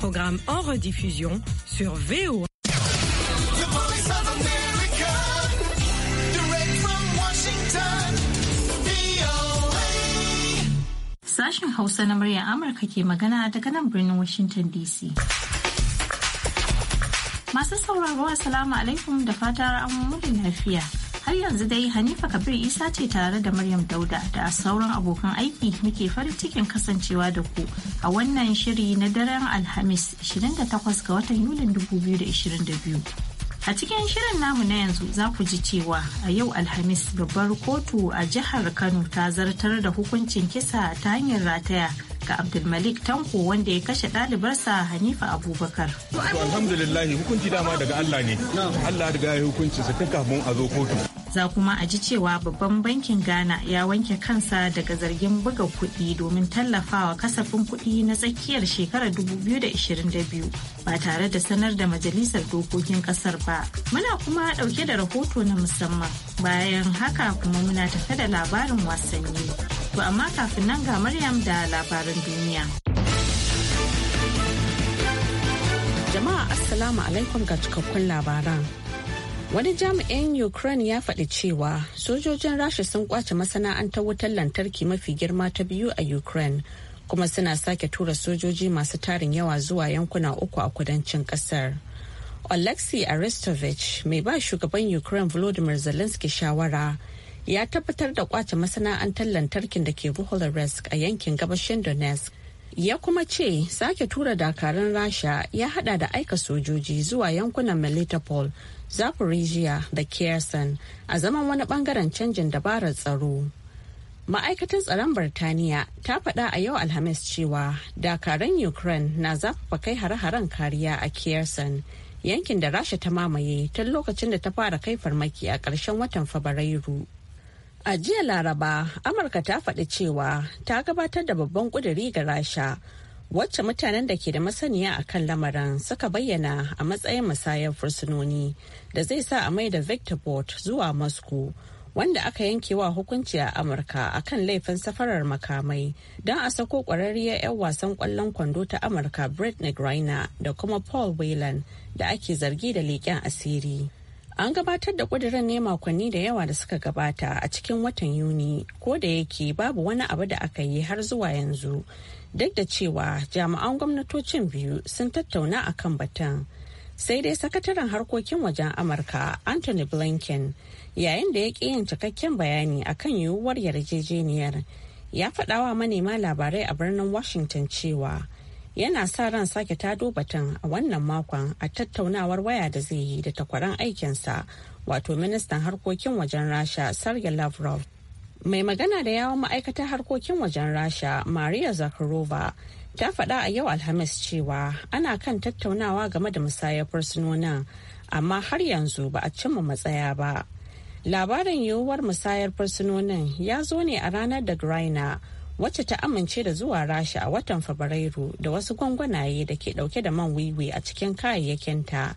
Programme en rediffusion sur VO. Sashen Hausa na muryar Amurka ke magana daga nan birnin Washington DC. Masu sauraro, Assalamu alaikum da fatar an lafiya. Har yanzu dai Hanifa Kabir Isa ce tare da Maryam Dauda da sauran abokan aiki muke farin cikin kasancewa da ku a wannan shiri na daren Alhamis 28 ga watan Yulin 2022. A cikin shirin namu na yanzu za ku ji cewa a yau Alhamis babbar kotu a jihar Kano ta zartar da hukuncin kisa ta hanyar rataya ga Abdulmalik Tanko wanda ya kashe ɗalibarsa Hanifa Abubakar. Alhamdulillah hukunci dama daga Allah ne. Allah daga ya hukunci sa kafin a zo kotu. za kuma a ji cewa babban bankin ghana ya wanke kansa daga zargin buga kuɗi domin tallafawa kasafin kuɗi na tsakiyar shekarar 2022 ba tare da sanar da majalisar dokokin ƙasar ba muna kuma ɗauke da rahoto na musamman bayan haka kuma muna tafe da labarin wasanni to amma kafin nan ga maryam da labarin duniya jama'a assalamu alaikum ga cikakkun labaran Wani jami'in Ukraine ya faɗi cewa sojojin Rasha sun kwace masana'antar wutar lantarki mafi girma ta biyu a Ukraine kuma suna sake tura sojoji masu tarin yawa zuwa yankuna uku a kudancin ƙasar. Alexei Arestovich mai ba shugaban Ukraine Volodymyr Zelensky shawara ya tabbatar da kwace masana'antar lantarkin da ke Buholarsk a yankin gabashin Donetsk ya kuma ce sake tura dakarun rasha ya hada da aika sojoji zuwa yankunan melitopol Zaporizhia da Kherson a zaman wani bangaren canjin dabarar tsaro. Ma'aikatar tsaron Birtaniya ta faɗa a yau Alhamis cewa dakaran Ukraine na zafafa kai hare-haren kariya a Kherson yankin da Rasha ta mamaye tun lokacin da ta fara kai farmaki a ƙarshen watan Fabrairu. A jiya Laraba, Amurka ta faɗi cewa ta gabatar da babban ƙuduri ga Rasha wacce mutanen da ke da masaniya a kan lamarin suka bayyana a matsayin musayar fursunoni da zai sa a mai da victor bot zuwa moscow wanda aka yanke wa hukunci a amurka a kan laifin safarar makamai don a sako kwararriyar 'yan wasan kwallon kwando ta amurka britney griner da kuma paul whelan da ake zargi da leƙen asiri an gabatar da kudirin ne makonni da yawa da suka gabata a cikin watan yuni ko da yake babu wani abu da aka yi har zuwa yanzu duk da cewa jami'an gwamnatocin biyu sun tattauna a kan batun sai dai sakataren harkokin wajen amurka anthony blinken yayin da ya ƙi yin cikakken bayani akan yiwuwar yarjejeniyar ya faɗawa manema labarai a birnin washington cewa yana sa ran sake tado batun a wannan makon a tattaunawar waya da zai yi da takwaran aikinsa wato ministan harkokin wajen rasha sergei lavrov mai magana da yawon ma'aikatar harkokin wajen rasha maria zakharova ta faɗa a yau alhamis cewa ana kan tattaunawa game da musayar fursunonin amma har yanzu ba a cimma matsaya ba labarin yiwuwar musayar fursunonin ya zo ne a ranar da graina wacce ta amince da zuwa rasha a watan fabrairu da wasu gwangwanaye da ke dauke da man wiwi a cikin kayayyakinta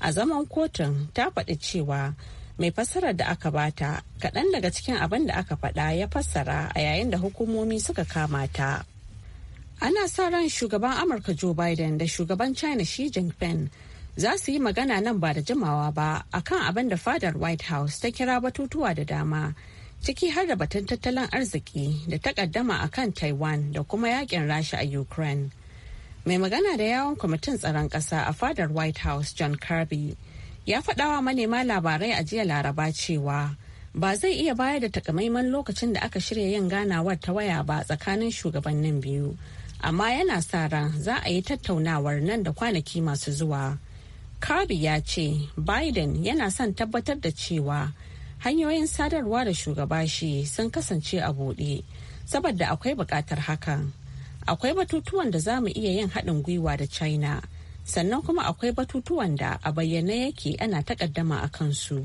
a zaman kotun ta faɗi cewa mai fassarar da aka bata kaɗan daga cikin abin da aka faɗa ya fassara a yayin da hukumomi suka kama ta ana sa ran shugaban amurka joe biden da shugaban china xi jinping za su yi magana nan ba da jimawa ba akan abin da fadar white house ta kira batutuwa da dama ciki har da batun tattalin arziki da takaddama kan taiwan da kuma yakin rasha a ukraine mai magana da yawon kwamitin tsaron ƙasa a fadar white house john kirby ya faɗawa manema labarai a jiya laraba cewa ba zai iya bayar da takamaiman lokacin da aka shirya yin ganawar ta waya ba tsakanin shugabannin biyu amma yana sa ran za a yi tattaunawar nan da kwanaki masu zuwa kirby ya ce biden yana son tabbatar da cewa hanyoyin sadarwa da shugaba shi sun kasance a buɗe saboda akwai bukatar hakan akwai batutuwan da za mu iya yin haɗin gwiwa da china sannan kuma akwai batutuwan da a bayyane yake ana takaddama a kansu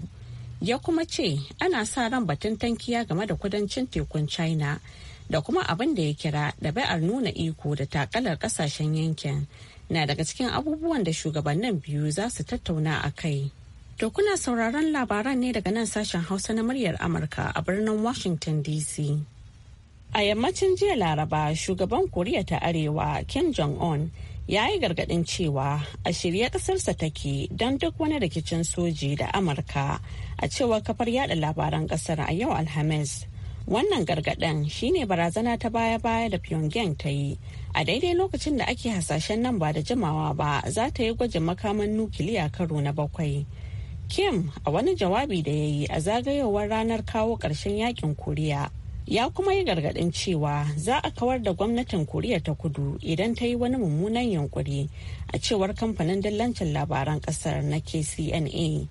ya kuma ce ana sa ran batun tankiya game da kudancin tekun china da kuma abin da ya kira da bai'ar nuna iko da takalar kasashen yankin na daga cikin abubuwan da shugabannin biyu za su tattauna a kai to kuna sauraron labaran ne daga nan sashen hausa na muryar amurka a birnin washington dc a yammacin jiya laraba shugaban koriya ta arewa kim jong-un ya yi gargadin cewa a shirye ƙasarsa take don duk wani rikicin soji da amurka a cewar kafar yada labaran kasar a yau alhamis wannan gargadin shine barazana ta baya-baya da pyongyang ta yi a daidai lokacin da ake hasashen nan ba da jimawa ba za ta yi gwajin makaman nukiliya karo na bakwai kim a wani jawabi da ya yi a zagayowar ranar kawo ƙarshen yakin koriya ya kuma yi gargaɗin cewa za a kawar da gwamnatin koriya ta kudu idan ta yi wani mummunan yunkuri a cewar kamfanin dillancin labaran ƙasar na kcna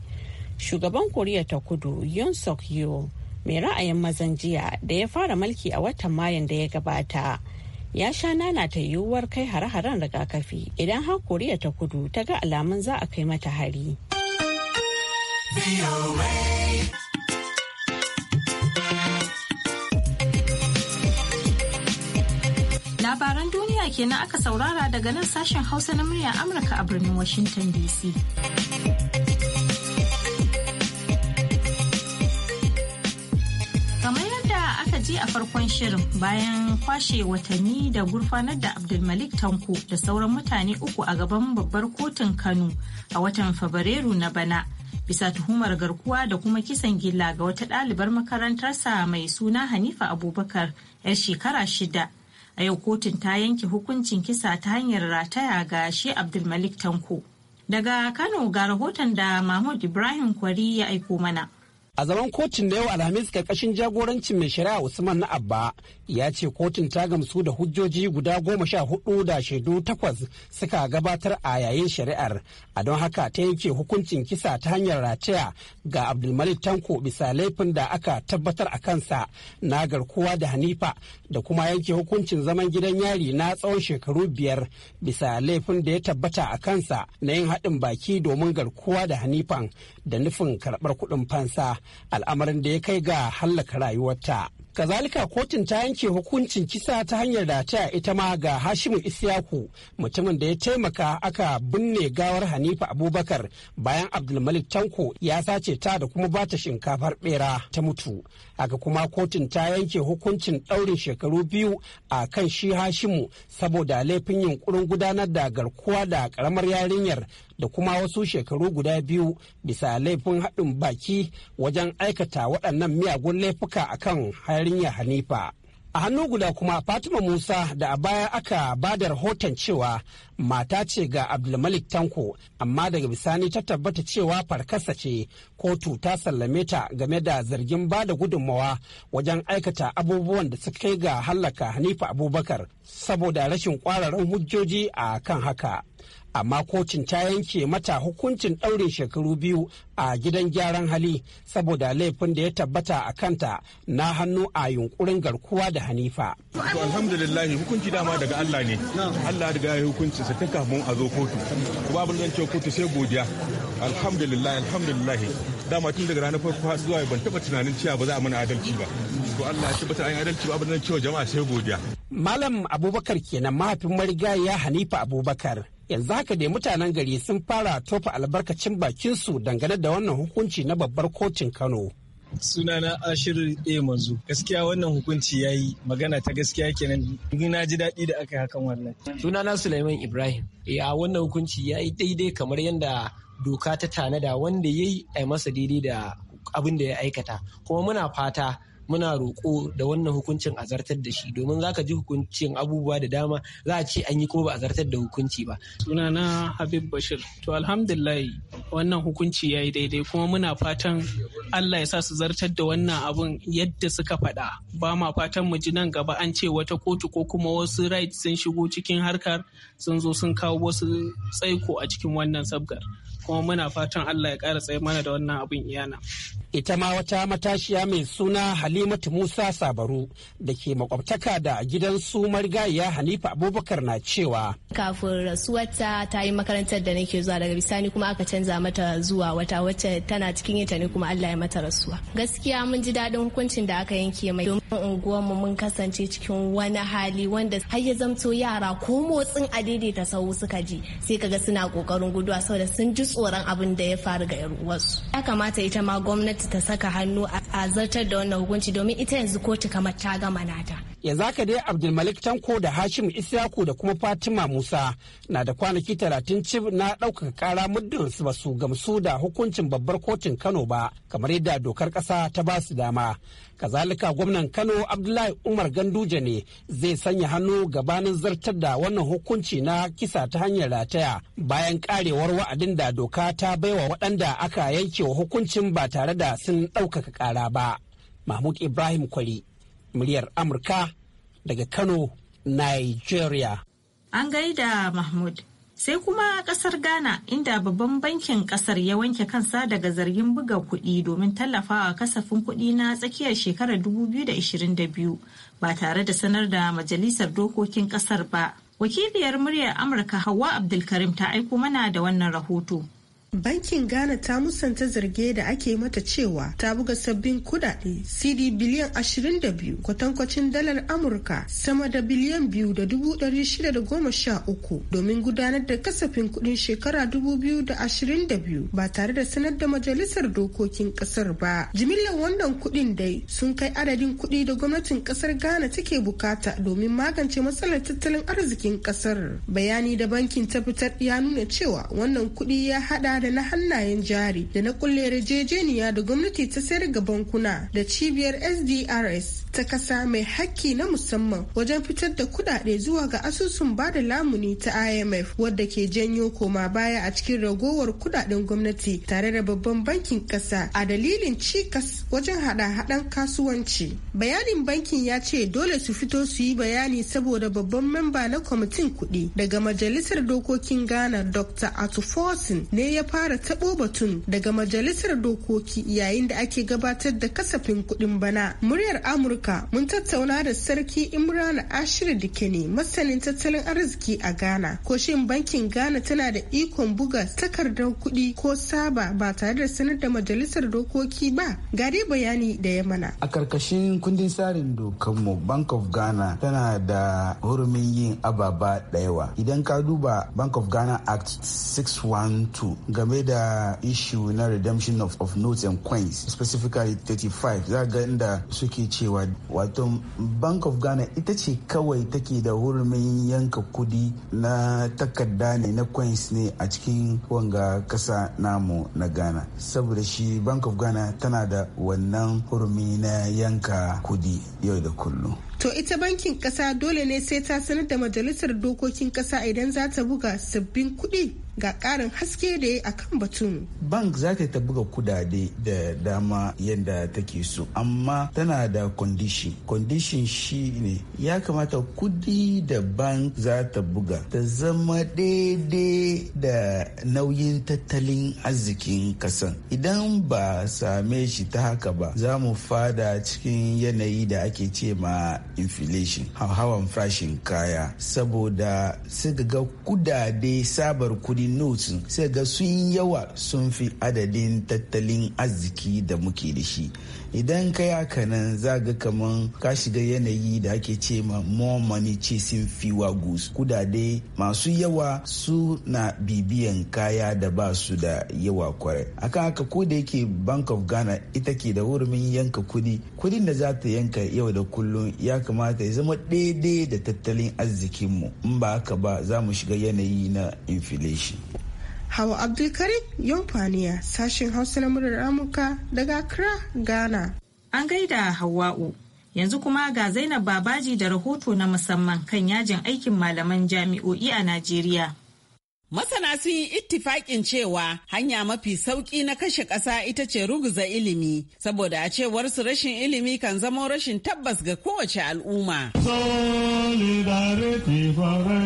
shugaban koriya ta kudu yun suk yo mai ra'ayin mazan jiya da ya fara mulki a watan mayan da ya gabata ya sha nana ta yiwuwar kai hare-haren rigakafi idan har koriya ta kudu ta ga alamun za a kai mata hari. kenan aka saurara daga nan sashen Hausa na murya Amurka a birnin Washington DC. Kamar yadda aka ji a farkon shirin bayan kwashe watanni da gurfanar da Abdulmalik Tanko da sauran mutane uku a gaban babbar kotun Kano a watan Fabrairu na bana. bisa tuhumar garkuwa da kuma kisan gilla ga wata ɗalibar makarantarsa mai suna Hanifa Abubakar 'yar shekara shida a yau kotun ta yanke hukuncin kisa ta hanyar rataya ga shi abdulmalik tanko daga kano ga rahoton da mahmud ibrahim kwari ya aiko mana a zaman kotun da yau alhamis karkashin jagorancin mai shari'a usman na abba ya ce kotun ta gamsu da hujjoji guda goma sha hudu da shaidu takwas suka gabatar a yayin shari'ar a don haka ta yanke hukuncin kisa ta hanyar rataya ga abdulmalik tanko bisa laifin da aka tabbatar a kansa na garkuwa da hanifa da kuma yanke hukuncin zaman gidan yari na tsawon shekaru biyar bisa laifin da ya tabbata a kansa na yin haɗin baki domin garkuwa da hanifan da nufin karɓar kuɗin fansa al'amarin da ya kai ga hallaka rayuwarta kazalika kotun ta yanke hukuncin kisa ta hanyar da ta ita ma ga hashimu isyaku mutumin da ya taimaka aka binne gawar hanifa abubakar bayan abdulmalik tanko ya sace ta da kuma bata shinkafar bera ta mutu haka kuma kotun ta yanke hukuncin ɗaurin shekaru biyu a kan shi hashimu saboda laifin yunkurin gudanar da garkuwa da karamar yarinyar da kuma wasu shekaru guda biyu bisa laifin haɗin baki wajen aikata waɗannan miyagun laifuka a kan harinya hanifa a hannu guda kuma fatima musa da a baya aka ba da rahoton cewa mata ce ga abdulmalik tanko amma daga bisani ta tabbata cewa farkasa ce kotu ta sallame ta game da zargin ba da gudunmawa wajen aikata abubuwan da suka kai ga hallaka hanifa abubakar saboda rashin kwararan hujjoji a kan haka amma kocin ta yanke mata hukuncin ɗaure shekaru biyu a gidan gyaran hali saboda laifin da ya tabbata a kanta na hannu a yunkurin garkuwa da hanifa. to alhamdulillah hukunci dama daga allah ne allah daga ya hukunci sa ta kafin a zo kotu babu zan ce kotu sai godiya alhamdulillah alhamdulillah dama tun daga ranar farko har zuwa ban taba tunanin cewa ba za a mana adalci ba to allah ya tabbata an adalci ba abin zan wa jama'a sai godiya. malam abubakar kenan mahaifin marigayiya hanifa abubakar yanzu haka dai mutanen gari sun fara tofa albarkacin bakinsu dangane da wannan hukunci na babbar kotun kano sunana ashirin a manzo gaskiya wannan hukunci ya yi magana ta gaskiya kenan ni na ji daɗi da aka hakan wannan sunana sulaiman ibrahim ya wannan hukunci ya yi daidai kamar yadda doka ta tanada wanda ya yi a masa daidai da abin da ya aikata kuma muna fata muna roƙo da wannan hukuncin a zartar da shi domin za ka ji hukuncin abubuwa da dama za a ce an yi kuma ba a zartar da hukunci ba. sunana habib bashir to alhamdulillah wannan hukunci ya yi daidai kuma muna fatan allah ya sa su zartar da wannan abun yadda suka faɗa ba ma fatan mu ji nan gaba an ce wata kotu ko kuma wasu rights sun shigo cikin harkar sun zo sun kawo wasu tsaiko a cikin wannan sabgar kuma muna fatan Allah ya ƙara tsaye mana da wannan abin iyana. Ita ma wata matashiya mai suna Halimatu Musa Sabaru da ke makwabtaka da gidan su marigayya Hanifa Abubakar na cewa. Kafin rasuwarta ta yi makarantar da nake zuwa daga bisani kuma aka canza mata zuwa wata wacce tana cikin ita ne kuma Allah ya mata rasuwa. Gaskiya mun ji daɗin hukuncin da aka yanke mai domin unguwarmu mun kasance cikin wani hali wanda har ya zamto yara ko motsin adaidaita sau suka ji sai kaga suna ƙoƙarin guduwa saboda sun ji tsoron abin da ya faru ga 'yar uwarsu ya kamata ita ma gwamnati ta saka hannu a zartar da wannan hukunci domin ita yanzu kotu kamar ta gama nata ya zaka dai abdulmalik tanko da hashim isyaku da kuma fatima musa na da kwanaki talatin cif na ɗaukaka ƙara muddin su ba su gamsu da hukuncin babbar kotun kano ba kamar yadda dokar ƙasa ta ba su dama kazalika gwamnan kano abdullahi umar ganduje ne zai sanya hannu gabanin zartar da wannan hukunci na kisa ta hanyar rataya bayan karewar wa'adin da doka ta baiwa waɗanda aka yanke wa hukuncin ba tare da sun ɗaukaka ƙara ba mahmud ibrahim kwari muryar Amurka daga Kano, Nigeria. An gaida Mahmud. Sai kuma a kasar Ghana inda babban bankin kasar ya wanke kansa daga zargin buga kuɗi domin tallafawa kasafin kuɗi na tsakiyar shekarar 2022 ba tare da sanar da majalisar dokokin kasar ba. Wakiliyar muryar Amurka Hauwa Abdulkarim ta aiko mana da wannan rahoto. Bankin Ghana ta musanta zarge da ake mata cewa ta buga sabbin kudade CD biliyan 22 kwatankwacin dalar Amurka sama da biliyan 2,613 domin gudanar da kasafin kudin shekara 2022 ba tare da sanar da majalisar dokokin kasar ba. Jimillar wannan kudin dai sun kai adadin kudi da gwamnatin kasar Ghana take bukata domin magance matsalar tattalin arzikin kasar. Bayani da bankin ta fitar ya nuna cewa wannan kudi ya hada da na hannayen jari da na kulle yarjejeniya da gwamnati ta sayar ga bankuna da cibiyar SDRS ta kasa mai hakki na musamman wajen fitar da kudade zuwa ga asusun ba da lamuni ta IMF wadda ke janyo koma baya a cikin ragowar kudaden gwamnati tare da babban bankin kasa a dalilin cikas wajen hada-hadan kasuwanci. Bayanin bankin ya ce dole su fito su yi bayani saboda babban memba na kwamitin kuɗi daga majalisar dokokin Ghana Dr. Atufosin ne ya fara tabo batun daga majalisar dokoki yayin da ake gabatar da kasafin kuɗin bana. Muryar Amurka mun tattauna da Sarki Imran Ashir Dikene masanin tattalin arziki a Ghana. Ko shin bankin Ghana tana da ikon buga takardar kuɗi ko saba ba tare da sanar da majalisar dokoki ba? Ga bayani da ya mana. A karkashin kundin tsarin dokanmu Bank of Ghana tana da hurumin yin ababa da yawa. Idan ka duba Bank of Ghana Act 612 game da issue na redemption of, of notes and coins specifically 35 za ga inda suke cewa wato bank of ghana ita ce kawai take da hurumin yanka kudi na takarda ne na coins ne a cikin wanga kasa namu na ghana saboda shi bank of ghana tana da wannan hurumi na yanka kudi yau da kullum To ita bankin kasa dole ne sai ta sanar da majalisar dokokin kasa idan za ta buga sabbin kuɗi? ga ƙarin haske da ya akan batun. Bank za ta buga kudade da dama yadda take so amma tana da condition. Condition shi ne ya kamata kudi da bank za ta buga ta zama daidai da nauyin tattalin arzikin kasan. Idan ba same shi ta haka ba za mu fada cikin yanayi da ake ce ma inflation hawan fashin kaya saboda su kudade sabar kudi notes sai ga sun yawa sun fi adadin tattalin arziki da muke da shi idan ka yi haka nan za ga kaman ka shiga yanayi da ake ce ma more money chasing fewer goods kudade masu yawa su na bibiyan kaya da ba su da yawa kwarai akan haka ko da yake bank of ghana ita ke da hurumin yanka kudi kudin da za ta yanka yau da kullum ya kamata ya zama daidai da tattalin arzikinmu in ba haka ba za mu shiga yanayi na inflation Hawa Abdulkarim Yofaniya sashen Hausa na murar Amurka daga Accra, Ghana. An gaida Hawa'u. Yanzu kuma ga Zainab Babaji da rahoto na musamman kan yajin aikin malaman jami'o'i a Najeriya. Masana sun yi ittifakin cewa hanya mafi sauƙi na kashe ƙasa ita ce ruguza ilimi, saboda a cewar su rashin ilimi kan zama rashin tabbas ga kowace al'umma. Solidarity for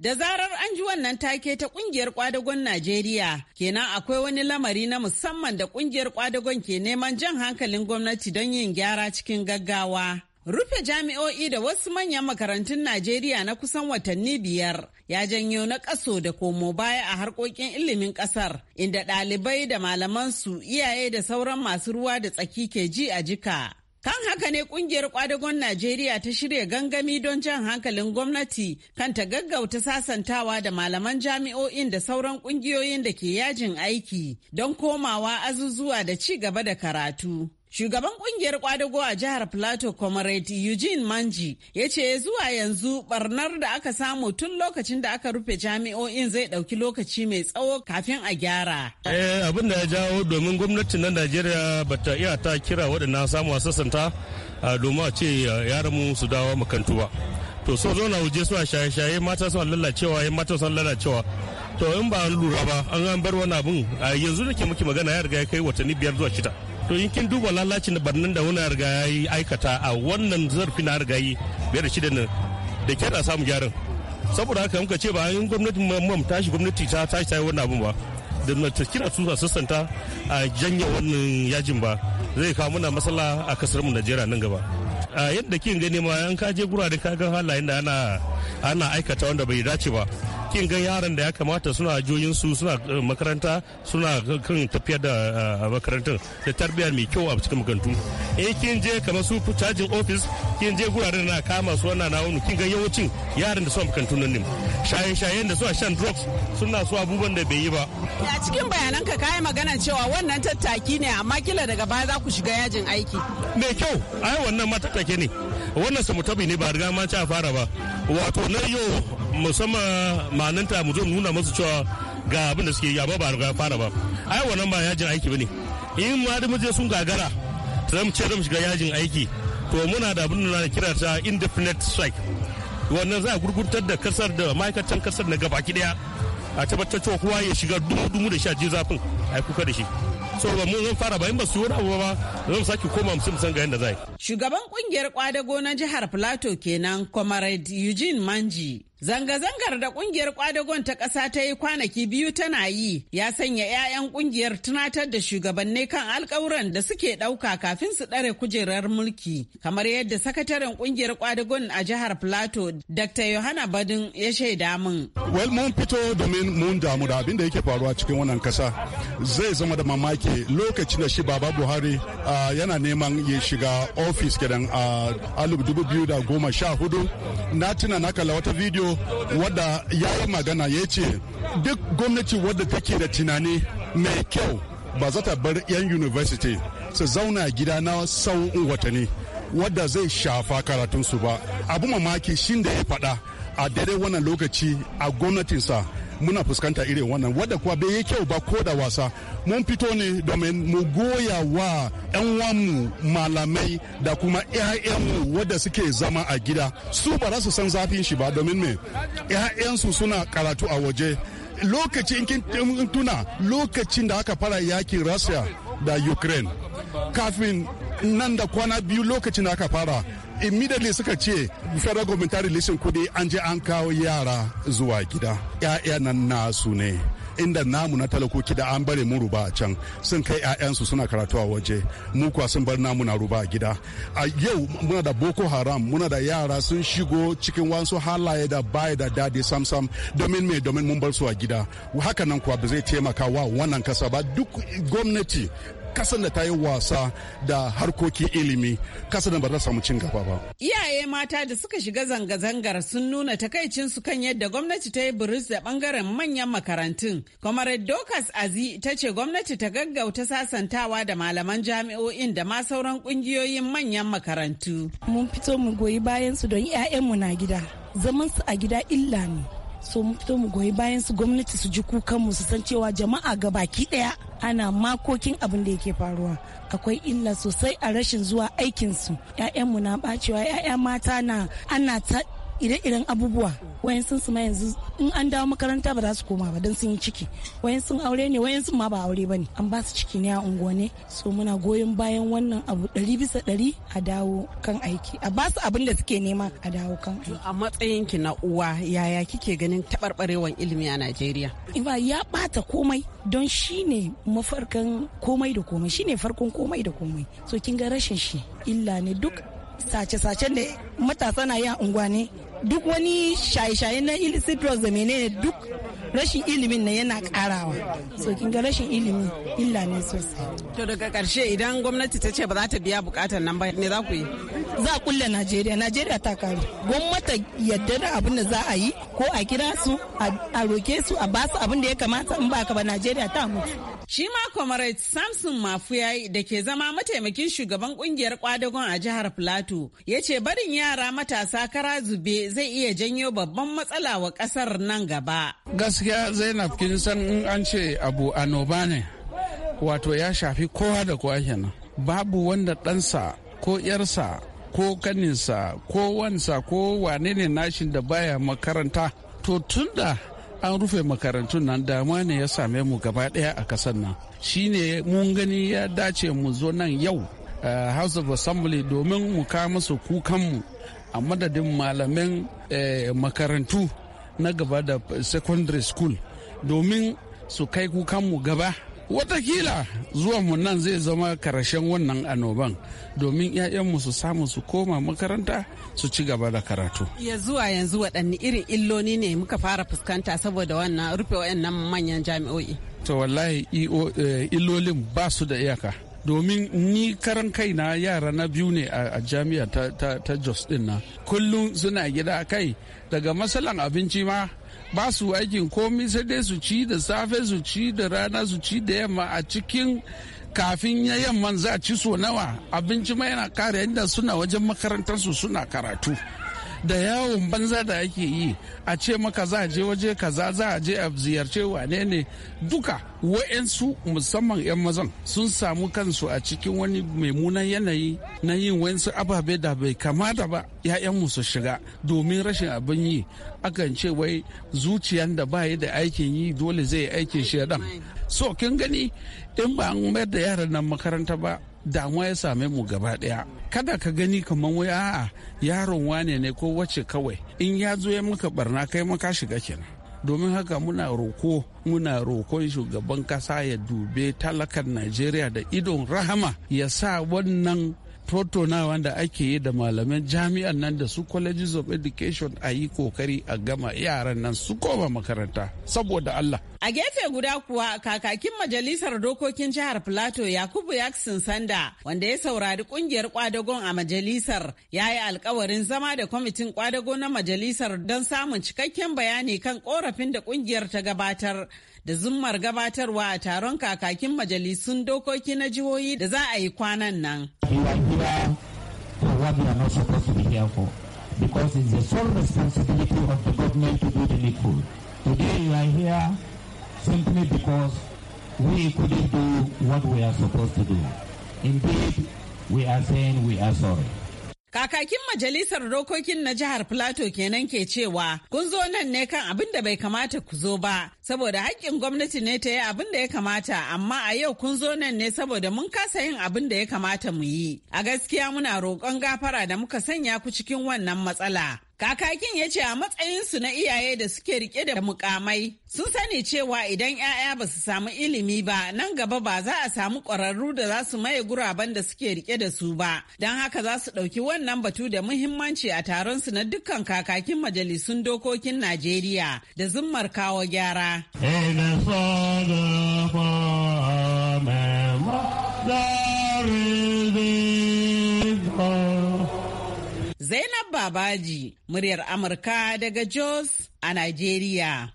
Da zarar an ji wannan take ta kungiyar kwadagon Najeriya, kenan akwai wani lamari na musamman da kungiyar kwadagon ke neman jan hankalin gwamnati don yin gyara cikin gaggawa. Rufe jami'o'i da wasu manyan makarantun Najeriya na kusan watanni biyar ya janyo na kaso da komo baya a harkokin ilimin kasar, inda ɗalibai da malamansu iyaye da sauran masu ruwa da tsaki ke ji a jika. Kan haka ne kungiyar kwadagon Najeriya ta shirya gangami don jan hankalin gwamnati kan ta gaggauta sasantawa da malaman jami'o'in da sauran kungiyoyin da ke yajin aiki don komawa azuzuwa da ci gaba da karatu. Shugaban kungiyar kwadago a jihar Plateau Comrade Eugene Manji ya ce zuwa yanzu barnar da aka samu tun lokacin da aka rufe jami'o'in zai ɗauki lokaci mai tsawo kafin a gyara. Eh, abin da ya jawo domin gwamnati na Najeriya bata iya ta kira waɗanda samu a domin a ce mu su dawo makantu ba. To so zo na waje su a shaye-shaye mata sun lalacewa ya mata sun lalacewa. To in ba an lura ba an bar wani abin yanzu da ke muke magana ya riga ya kai watanni biyar zuwa shida. to in kin duba lalacin da barnan da wani riga ya yi aikata a wannan zarfi na riga yi biyar da shida nan da kyar a samu gyaran saboda haka muka ce ba an gwamnati mam tashi gwamnati ta tashi ta yi wannan abin ba da ta kira su a sassanta a janye wannan yajin ba zai kawo muna matsala a kasar mu Najeriya nan gaba a yadda kin gani ma an je gurare ka ga halayen da ana ana aikata wanda bai dace ba kin ga yaran da ya kamata suna ajoyin su suna eh, makaranta suna kan tafiyar da eh, makarantar da tarbiyya mai kyau a cikin makarantu eh kin je kamar su cajin ofis kin je guraren na kama su wannan na wani kin ga yawancin yaran da suna makarantu nan ne shaye-shayen da suna shan drugs suna su abubuwan da bai yi ba a cikin bayanan ka kai magana cewa wannan tattaki ne amma kila daga baya za ku shiga yajin aiki mai kyau ai wannan ma tattake ne wannan samutabi ne ba riga ma ci a fara ba wato na yau musamman mananta mu zo nuna musu cewa ga abin da suke yi amma ba riga fara ba ai wannan ba yajin aiki bane in ma da muje sun gagara zan ce zan shiga yajin aiki to muna da abin da kira ta indefinite strike wannan za a gurgurtar da kasar da ma'aikatan kasar na gabaki daya a tabbatar cewa kowa ya shiga dumu da sha zafin ai kuka da shi tsoron mun zan fara bayan ba su wani abu ba zan sake koma musu musan ga yadda zai. Shugaban kungiyar kwadago na jihar Plateau kenan Comrade Eugene Manji Zanga-zangar da kungiyar kwadagon ta ƙasa ta yi kwanaki biyu tana yi ya sanya 'ya'yan kungiyar tunatar da shugabanni kan alkawuran da suke ɗauka kafin su ɗare kujerar mulki. Kamar yadda sakataren kungiyar kwadagon a jihar Plateau, Dr. Yohana Badin ya shaida min. Well, mun fito domin mun damu da abin da yake faruwa cikin wannan kasa. Zai zama da mamaki lokacin da shi Baba Buhari uh, yana neman ya shiga ofis kenan a uh, alif hudu. Na tuna na kalla wata bidiyo wadda ya yi magana ya ce duk gwamnati wadda take da tunani mai kyau ba za ta bar 'yan university su zauna gida na sau watanni wadda zai shafa karatunsu ba abu mamaki shi da ya faɗa a daidai wannan lokaci a gwamnatinsa muna fuskanta irin wannan wadda kuwa bai yi kyau ba ko da wasa mun fito ne domin mu goya wa 'yan mu malamai da kuma 'ya'yanmu wadda suke zama a gida su ba za su san zafin shi ba domin me 'ya'yansu suna karatu a waje lokaci in tuna lokacin da aka fara yakin Russia da Ukraine kafin nan da kwana biyu lokacin da aka fara immediately suka ce federal government relation kudi an je an kawo yara zuwa gida ya'ya nan nasu ne inda namu na talakoki da an bare mu ruba a can sun kai 'ya'yansu suna karatu a waje mu kuwa sun bar namu na ruba a gida a yau muna da boko haram muna da yara sun shigo cikin wasu halaye da baya da dadi samsam domin me domin mun bar su a gida hakanan nan kuwa ba zai taimaka wa wannan kasa ba duk gwamnati kasan da ta yi wasa da harkokin ilimi kasan da ba za samu cin gaba ba. Iyaye mata da suka shiga zanga-zangar sun nuna takaicinsu kan yadda gwamnati ta yi buris da bangaren manyan makarantun. Kamar Dokas Azi ta ce gwamnati ta gaggauta sasantawa da malaman jami'o'in da ma sauran kungiyoyin manyan makarantu. Mun fito mu goyi bayan su don 'ya'yanmu na gida. Zaman su a gida illa ne. so mu fito mu goyi bayan su gwamnati su ji kukanmu su san cewa jama'a ga baki ɗaya. ana makokin abin da yake faruwa akwai illa sosai a rashin zuwa aikinsu 'ya'yanmu na bacewa 'ya'ya mata na ana ta ire-iren abubuwa wayan sun su yanzu in an dawo makaranta ba za su koma ba don sun yi ciki wayan sun aure ne wayan sun ma ba aure ba ne an ba su ciki ne a unguwa ne so muna goyon bayan wannan abu ɗari bisa ɗari a dawo kan aiki a ba su abin da suke nema a dawo kan aiki. a matsayin ki na uwa yaya kike ganin taɓarɓarewan ilimi a najeriya. iba ya ɓata komai don shine mafarkan komai da komai shine farkon komai da komai so kin ga rashin shi illa ne duk sace-sacen da matasa na yi a unguwa ne duk wani shaye-shaye na illicit drugs da menene duk rashin ilimin na yana karawa so kin ga rashin ilimi illa ne sosai to daga karshe idan gwamnati ta ce ba za ta biya bukatar nan ba ne za ku yi za a kulle najeriya najeriya ta karu gwamnati yadda da abin da za a yi ko a kira su a roke su a basu abin da ya kamata in ba ka ba najeriya ta mutu Shi ma Comrade Samson Mafuyai da ke zama mataimakin shugaban kungiyar kwadagon a jihar Plateau ya ce barin yara matasa kara zube zai iya janyo babban matsala wa kasar nan gaba. Gaskiya Zainab kin san in an ce abu annoba ne wato ya shafi kowa da kowa kenan. Babu wanda ɗansa ko 'yarsa ko kaninsa ko wansa ko wane ne nashin da baya makaranta to tunda an rufe makarantun nan dama ne ya same mu gaba daya a kasar nan shine mun gani ya dace mu zo nan yau eh, house of assembly domin mu ka musu kukanmu a madadin malamin eh, makarantu na gaba da secondary school domin su kai kukanmu gaba watakila mu nan zai zama karashen wannan annoban domin mu su samu su koma makaranta su ci gaba da karatu ya zuwa yanzu waɗanne irin illoli ne muka fara fuskanta saboda wannan rufe wayannan manyan jami'o'i to wallahi eh, illolin ba su da iyaka domin ni karan na yara na biyu ne a jami'a ta, jos din na kullum suna gida kai daga masalan abinci ma ba su aikin komi sai dai su ci da safe su ci da rana su ci da yamma a cikin kafin ya yamman za a ci so nawa abinci ma yana kare inda suna wajen makarantar su suna karatu da yawon banza da ake yi a ce maka za a je waje kaza za a je a ziyarce wane ne duka wa'yansu musamman 'yan mazan sun samu kansu a cikin wani maimunan yanayi na yin wa'yansu ababe da bai kamata ba 'ya'yanmu su shiga domin rashin abin yi akan ce wai zuciyan da ba da aikin yi dole zai aikin shedan so kin gani in ba an mayar da yaran nan makaranta ba damuwa ya same mu gaba daya kada ka gani kamar wai a'a yaron wane ne ko wace kawai in ya zo ya maka barna kai maka shiga kenan domin haka muna roko muna rokon shugaban kasa ya dube talakan najeriya da idon rahama ya sa wannan protonawa da ake yi da malaman jami'an nan da su colleges of education a yi kokari a gama yaran nan su koma makaranta saboda Allah. A gefe guda kuwa kakakin majalisar dokokin jihar Plateau Yakubu Yaksin Sanda wanda ya saurari kungiyar kwadagon a majalisar ya yi alkawarin zama da kwamitin kwadago na majalisar don samun cikakken bayani kan korafin da kungiyar ta gabatar da zummar gabatarwa a taron kakakin majalisun dokoki na jihohi da za a yi kwanan nan. Because it's the sole responsibility of the government to do the Today you are here simply because we couldn't do what we are supposed to we are saying we are sorry. Kakakin Majalisar Dokokin na Jihar Filato kenan ke cewa kun zo nan ne kan abin da bai kamata ku zo ba, saboda haƙƙin gwamnati ne ta yi abin da ya kamata, amma a yau kun zo nan ne saboda mun kasa yin abin da ya kamata mu yi. A gaskiya muna roƙon gafara da muka sanya ku cikin wannan matsala. Kakakin ya ce a matsayinsu na iyaye da suke rike da mukamai sun sani cewa idan 'ya'ya ba su samu ilimi ba nan gaba ba za a samu ƙwararru da za su maye guraben da suke rike da su ba don haka za su ɗauki wannan batu da muhimmanci a taron su na dukkan kakakin majalisun dokokin Najeriya da zummar kawo gyara. Oh Zainab Babaji, muryar Amurka daga Jos a Najeriya.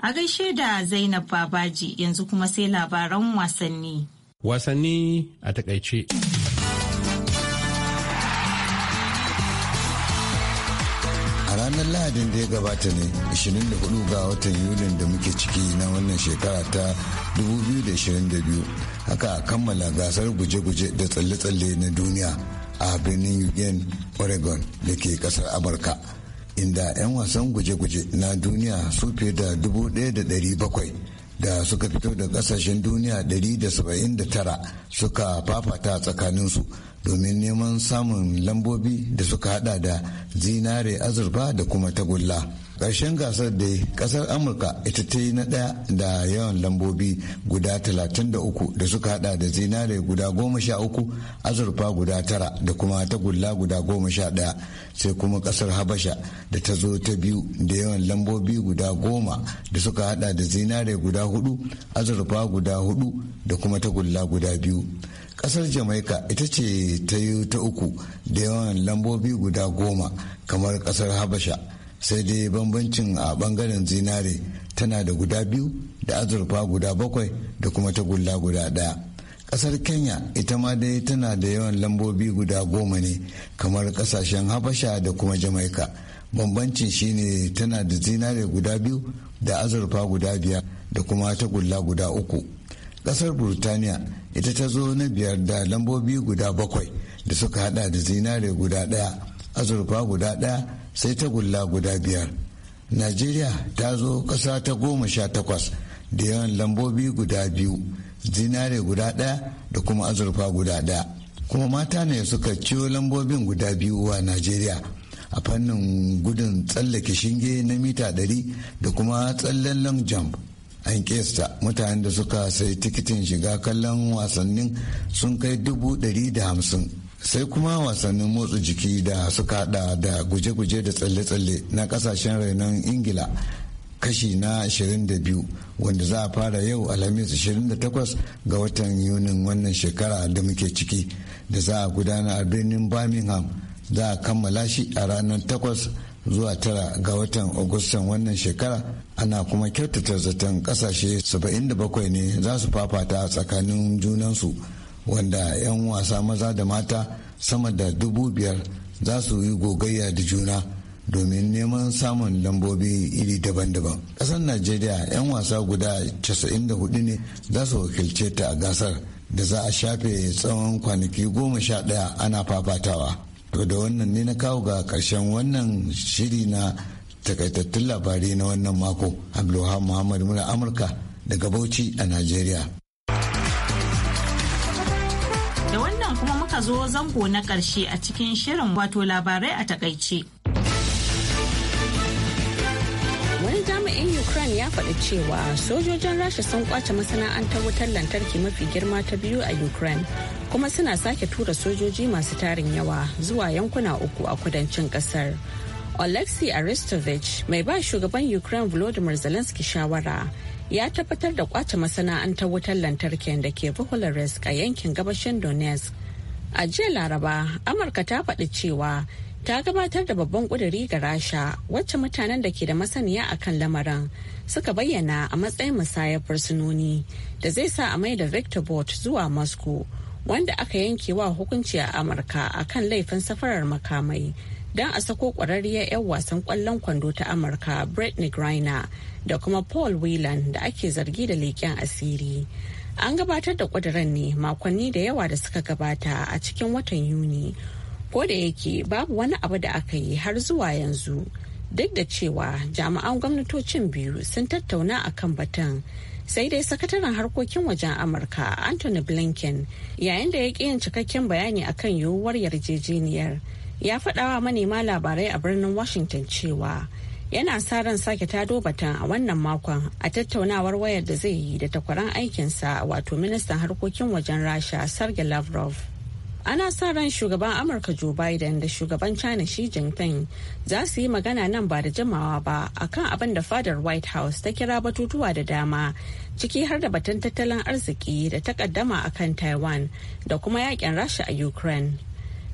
A gaishe da Zainab Babaji yanzu kuma sai labaran wasanni. Wasanni a takaice. ranar lahadin da ya gabata ne 24 ga watan yulin da muke ciki na wannan shekara ta 2022 haka kammala gasar guje-guje da tsalle-tsalle na duniya a birnin Eugene, Oregon da ke kasar Amurka. Inda 'yan wasan guje-guje na duniya su fiye da 1,700 da suka fito da kasashen duniya 179 suka fafata tsakaninsu domin neman samun lambobi da suka hada da zinare azurfa da kuma tagulla. ƙarshen gasar da ƙasar amurka ita ta yi na ɗaya da yawan lambobi guda 33 da suka hada da zinare guda 13 azurfa guda tara da kuma tagulla guda 11 sai kuma ƙasar habasha da ta zo ta biyu da yawan lambobi guda 10 da suka hada da zinare guda 4 azurfa guda 4 da kuma tagulla guda biyu kasar jamaica ita ce ta yi ta uku da yawan lambobi guda goma kamar kasar habasha sai dai bambancin a bangaren zinare tana da guda biyu da azurfa guda bakwai da kuma tagulla guda daya. kasar kenya ita ma dai tana da yawan lambobi guda goma ne kamar kasashen habasha da kuma jamaika bambancin shine tana da zinare guda biyu da azurfa guda biyar da kuma tagulla guda uku kasar burtaniya ita ta zo na biyar da lambobi guda bakwai da suka hada da zinare guda daya azurfa guda daya sai ta gulla guda biyar najeriya ta zo kasa ta goma sha takwas da yawan lambobi guda biyu zinare guda ɗaya da kuma azurfa guda ɗaya kuma mata ne suka ciyo lambobin guda biyu wa najeriya a fannin gudun tsallake shinge na mita ɗari da kuma tsallen long jump an kesta mutanen da suka sayi tikitin shiga kallon wasannin sun kai dubu ɗari da hamsin sai kuma wasannin motsa jiki da suka hada da guje-guje da tsalle-tsalle na kasashen rainon ingila kashi na 22 wanda za a fara yau alhamis 28 ga watan yunin wannan shekara da muke ciki da za a gudana a birnin birmingham za a kammala shi a ranar 8 zuwa 9 ga watan agustan wannan shekara ana kuma kyautata zaton kasashe 77 ne za su fafata tsakanin junansu. wanda 'yan wasa maza da mata sama da dubu biyar za su yi gogayya da juna domin neman samun lambobi iri daban-daban ƙasar najeriya 'yan wasa guda 94 ne za su wakilce ta a gasar da za a shafe tsawon kwanaki goma sha ɗaya ana fafatawa to da wannan ne na kawo ga karshen wannan shiri na takaitattun labari na wannan mako abdulhamid muhammad muna amurka daga bauchi a najeriya Da wannan kuma muka zo zango na ƙarshe a cikin shirin wato labarai a takaice. Wani jami'in Ukraine ya faɗi cewa sojojin Rasha sun kwace masana'antar wutar lantarki mafi girma ta biyu a Ukraine kuma suna sake tura sojoji masu tarin yawa zuwa yankuna uku a kudancin kasar. Alexei Aristovich mai ba shugaban Ukraine Volodymyr Zelensky shawara ya tabbatar da kwace masana'antar wutar lantarkin da ke Bukhularesk a yankin gabashin Donetsk. A jiya Laraba, Amurka ta faɗi cewa ta gabatar da babban ƙuduri ga Rasha wacce mutanen da ke da masaniya a kan lamarin suka bayyana a matsayin musayar fursunoni da zai sa a mai da Victor Bot zuwa Moscow wanda aka yanke wa hukunci a Amurka a kan laifin safarar makamai. don a sako kwararriyar 'yan wasan kwallon kwando ta amurka britney griner da kuma paul whelan da ake zargi da leƙen asiri an gabatar da ƙuduran ne makonni da yawa da suka gabata a cikin watan yuni ko da yake babu wani abu da aka yi har zuwa yanzu duk da cewa jami'an gwamnatocin biyu sun tattauna a kan batun sai dai sakataren harkokin wajen amurka anthony blinken yayin da ya ƙi cikakken bayani akan yiwuwar yarjejeniyar ya faɗawa manema labarai a birnin washington cewa yana sa ran sake tado batun a wannan makon a tattaunawar wayar da zai yi da takwaran aikinsa wato ministan harkokin wajen rasha sergei lavrov ana sa ran shugaban amurka joe biden da shugaban china shi jinping za su yi magana nan ba da jimawa ba akan abin da fadar white house ta kira batutuwa da dama ciki har da batun tattalin arziki da takaddama akan taiwan da kuma yakin rasha a ukraine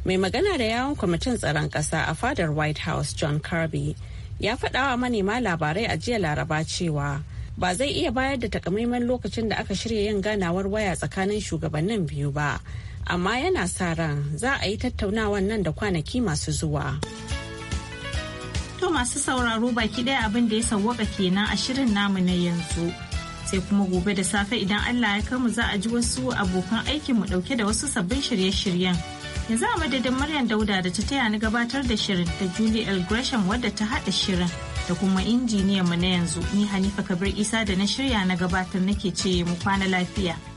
mai magana da yawon kwamitin tsaron ƙasa a fadar white house john kirby ya faɗawa manema labarai a jiya laraba cewa ba zai iya bayar da takamaiman lokacin da aka shirya yin ganawar waya tsakanin shugabannin biyu ba amma yana sa ran za a yi tattaunawan nan da kwanaki masu zuwa to masu sauraro baki ɗaya abin da ya sawwaka kenan a shirin namu na yanzu sai kuma gobe da safe idan allah ya kamu za a ji wasu abokan aikinmu ɗauke da wasu sabbin shirye-shiryen yanzu a madadin Maryam Dauda da ta taya ni gabatar da shirin da Julie L. Gresham wadda ta haɗa shirin da kuma injiniyan mu na yanzu ni Hanifa Kabir Isa da na shirya na gabatar nake ce mu kwana lafiya.